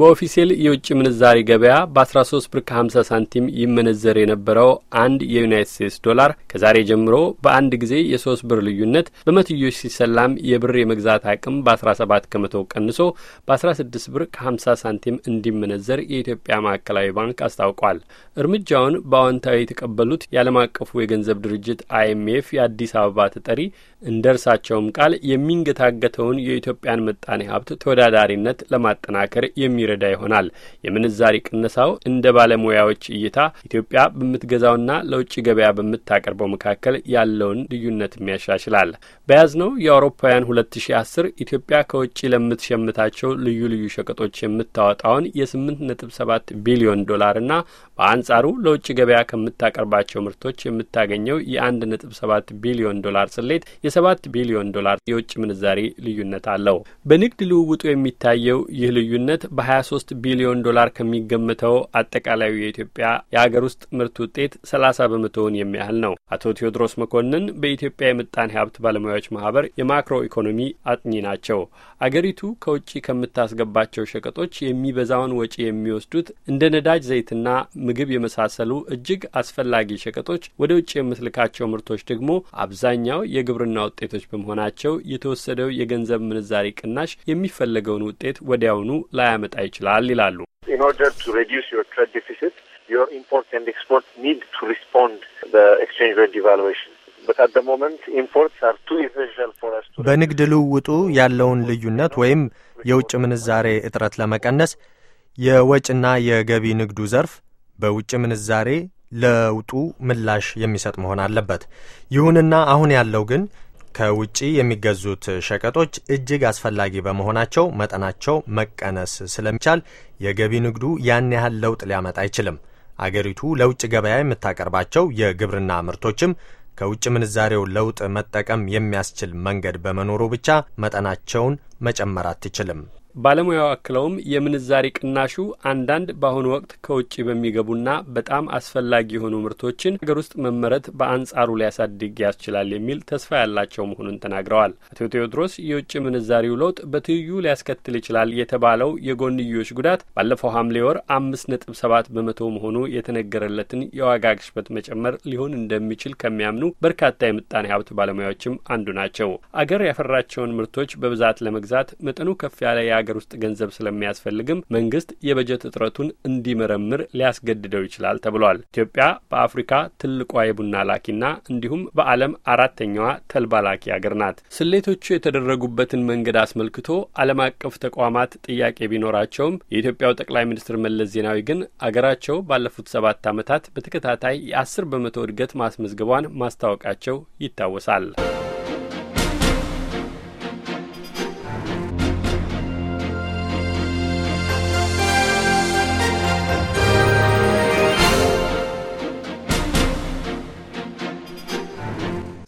በኦፊሴል የውጭ ምንዛሪ ገበያ በ13 ብር ከ50 ሳንቲም ይመነዘር የነበረው አንድ የዩናይትድ ስቴትስ ዶላር ከዛሬ ጀምሮ በአንድ ጊዜ የሶስት ብር ልዩነት በመትዮሽ ሲሰላም የብር የመግዛት አቅም በ17 ከመቶ ቀንሶ በ16 ብር ከ50 ሳንቲም እንዲመነዘር የኢትዮጵያ ማዕከላዊ ባንክ አስታውቋል። እርምጃውን በአዎንታዊ የተቀበሉት የዓለም አቀፉ የገንዘብ ድርጅት አይኤምኤፍ የአዲስ አበባ ተጠሪ እንደ እርሳቸውም ቃል የሚንገታገተውን የኢትዮጵያን መጣኔ ሀብት ተወዳዳሪነት ለማጠናከር የሚ የሚረዳ ይሆናል። የምንዛሪ ቅነሳው እንደ ባለሙያዎች እይታ ኢትዮጵያ በምትገዛውና ለውጭ ገበያ በምታቀርበው መካከል ያለውን ልዩነት ያሻሽላል። በያዝነው የአውሮፓውያን 2010 ኢትዮጵያ ከውጭ ለምትሸምታቸው ልዩ ልዩ ሸቀጦች የምታወጣውን የ8.7 ቢሊዮን ዶላርና በአንጻሩ ለውጭ ገበያ ከምታቀርባቸው ምርቶች የምታገኘው የ1.7 ቢሊዮን ዶላር ስሌት የ7 ቢሊዮን ዶላር የውጭ ምንዛሬ ልዩነት አለው። በንግድ ልውውጡ የሚታየው ይህ ልዩነት በ 23 ቢሊዮን ዶላር ከሚገምተው አጠቃላዩ የኢትዮጵያ የአገር ውስጥ ምርት ውጤት 30 በመቶውን የሚያህል ነው። አቶ ቴዎድሮስ መኮንን በኢትዮጵያ የምጣኔ ሀብት ባለሙያዎች ማህበር የማክሮ ኢኮኖሚ አጥኚ ናቸው። አገሪቱ ከውጭ ከምታስገባቸው ሸቀጦች የሚበዛውን ወጪ የሚወስዱት እንደ ነዳጅ ዘይትና ምግብ የመሳሰሉ እጅግ አስፈላጊ ሸቀጦች፣ ወደ ውጭ የምትልካቸው ምርቶች ደግሞ አብዛኛው የግብርና ውጤቶች በመሆናቸው የተወሰደው የገንዘብ ምንዛሪ ቅናሽ የሚፈለገውን ውጤት ወዲያውኑ ላያመጣ ይችላል ይላሉ። በንግድ ልውውጡ ያለውን ልዩነት ወይም የውጭ ምንዛሬ እጥረት ለመቀነስ የወጭና የገቢ ንግዱ ዘርፍ በውጭ ምንዛሬ ለውጡ ምላሽ የሚሰጥ መሆን አለበት። ይሁንና አሁን ያለው ግን ከውጭ የሚገዙት ሸቀጦች እጅግ አስፈላጊ በመሆናቸው መጠናቸው መቀነስ ስለሚቻል የገቢ ንግዱ ያን ያህል ለውጥ ሊያመጣ አይችልም። አገሪቱ ለውጭ ገበያ የምታቀርባቸው የግብርና ምርቶችም ከውጭ ምንዛሬው ለውጥ መጠቀም የሚያስችል መንገድ በመኖሩ ብቻ መጠናቸውን መጨመር አትችልም። ባለሙያው አክለውም የምንዛሪ ቅናሹ አንዳንድ በአሁኑ ወቅት ከውጭ በሚገቡና በጣም አስፈላጊ የሆኑ ምርቶችን ሀገር ውስጥ መመረት በአንጻሩ ሊያሳድግ ያስችላል የሚል ተስፋ ያላቸው መሆኑን ተናግረዋል። አቶ ቴዎድሮስ የውጭ ምንዛሪው ለውጥ በትይዩ ሊያስከትል ይችላል የተባለው የጎንዮሽ ጉዳት ባለፈው ሐምሌ ወር አምስት ነጥብ ሰባት በመቶ መሆኑ የተነገረለትን የዋጋ ግሽበት መጨመር ሊሆን እንደሚችል ከሚያምኑ በርካታ የምጣኔ ሀብት ባለሙያዎችም አንዱ ናቸው። አገር ያፈራቸውን ምርቶች በብዛት ለመግዛት መጠኑ ከፍ ያለ የሀገር ውስጥ ገንዘብ ስለሚያስፈልግም መንግስት የበጀት እጥረቱን እንዲመረምር ሊያስገድደው ይችላል ተብሏል። ኢትዮጵያ በአፍሪካ ትልቋ የቡና ላኪና እንዲሁም በዓለም አራተኛዋ ተልባ ላኪ ሀገር ናት። ስሌቶቹ የተደረጉበትን መንገድ አስመልክቶ ዓለም አቀፍ ተቋማት ጥያቄ ቢኖራቸውም የኢትዮጵያው ጠቅላይ ሚኒስትር መለስ ዜናዊ ግን አገራቸው ባለፉት ሰባት ዓመታት በተከታታይ የአስር በመቶ እድገት ማስመዝገቧን ማስታወቃቸው ይታወሳል።